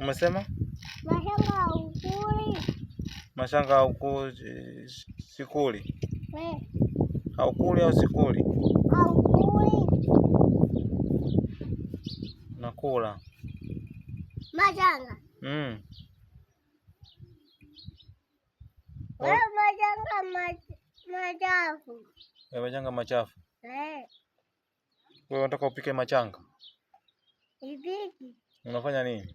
Umesema mashanga haukuli sikuli, eh, haukuli au sikuli, Haukuli. nakula mashanga hmm. mm. Wewe mashanga machafu. Wewe unataka upike machanga? Ipiki. Unafanya nini?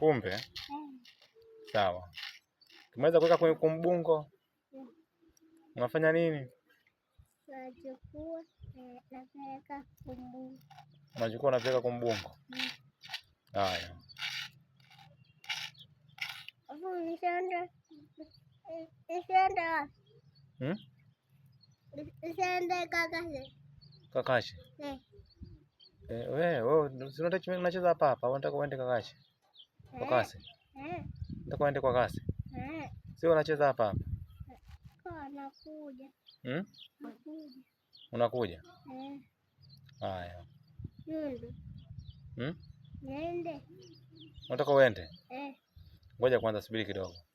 Kumbe mm. Sawa, tumeweza kuweka kwenye kumbungo mm. Unafanya nini? Eh, Unachukua unapeleka kumbungo. Mm. Haya, wewe hmm? eh. eh, unacheza hapa hapa, unataka uende kakashe? Kwa kasi? Eh? Eh? Nataka uende kwa kasi? Eh? Sio anacheza hapa hapa. Anakuja. Hmm? Unakuja? Haya. Hmm? Niende. Unataka uende? Ngoja kwanza, subiri kidogo.